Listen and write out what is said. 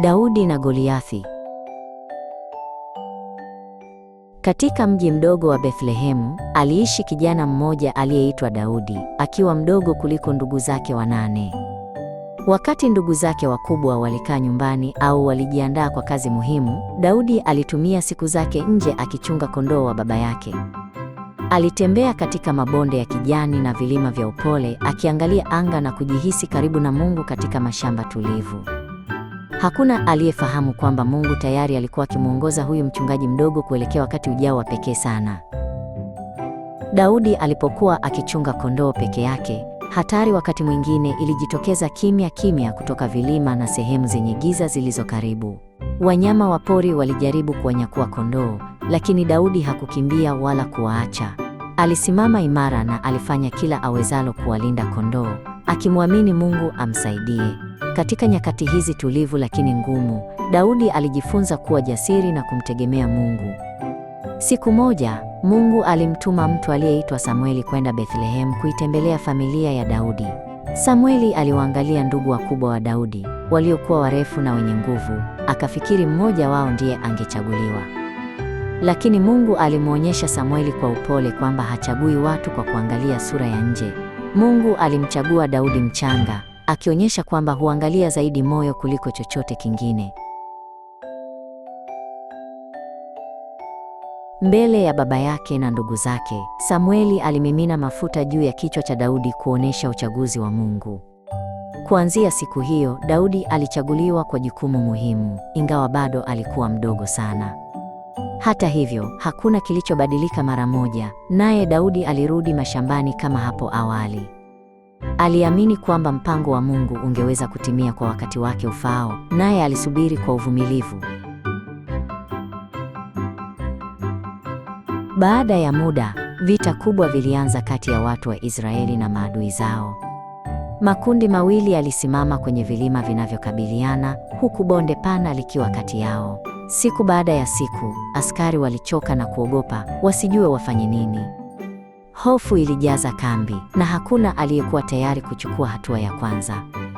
Daudi na Goliathi. Katika mji mdogo wa Bethlehemu, aliishi kijana mmoja aliyeitwa Daudi, akiwa mdogo kuliko ndugu zake wanane. Wakati ndugu zake wakubwa walikaa nyumbani au walijiandaa kwa kazi muhimu, Daudi alitumia siku zake nje akichunga kondoo wa baba yake. Alitembea katika mabonde ya kijani na vilima vya upole, akiangalia anga na kujihisi karibu na Mungu katika mashamba tulivu. Hakuna aliyefahamu kwamba Mungu tayari alikuwa akimwongoza huyu mchungaji mdogo kuelekea wakati ujao wa pekee sana. Daudi alipokuwa akichunga kondoo peke yake, hatari wakati mwingine ilijitokeza kimya kimya kutoka vilima na sehemu zenye giza zilizo karibu. Wanyama wa pori walijaribu kuwanyakua kondoo, lakini Daudi hakukimbia wala kuwaacha. Alisimama imara na alifanya kila awezalo kuwalinda kondoo, akimwamini Mungu amsaidie. Katika nyakati hizi tulivu lakini ngumu, Daudi alijifunza kuwa jasiri na kumtegemea Mungu. Siku moja, Mungu alimtuma mtu aliyeitwa Samueli kwenda Bethlehemu kuitembelea familia ya Daudi. Samueli aliwaangalia ndugu wakubwa wa Daudi, waliokuwa warefu na wenye nguvu, akafikiri mmoja wao ndiye angechaguliwa. Lakini Mungu alimwonyesha Samueli kwa upole kwamba hachagui watu kwa kuangalia sura ya nje. Mungu alimchagua Daudi mchanga, akionyesha kwamba huangalia zaidi moyo kuliko chochote kingine. Mbele ya baba yake na ndugu zake, Samueli alimimina mafuta juu ya kichwa cha Daudi kuonesha uchaguzi wa Mungu. Kuanzia siku hiyo, Daudi alichaguliwa kwa jukumu muhimu, ingawa bado alikuwa mdogo sana. Hata hivyo, hakuna kilichobadilika mara moja, naye Daudi alirudi mashambani kama hapo awali. Aliamini kwamba mpango wa Mungu ungeweza kutimia kwa wakati wake ufaao, naye alisubiri kwa uvumilivu. Baada ya muda, vita kubwa vilianza kati ya watu wa Israeli na maadui zao. Makundi mawili yalisimama kwenye vilima vinavyokabiliana, huku bonde pana likiwa kati yao. Siku baada ya siku, askari walichoka na kuogopa wasijue wafanye nini. Hofu ilijaza kambi na hakuna aliyekuwa tayari kuchukua hatua ya kwanza.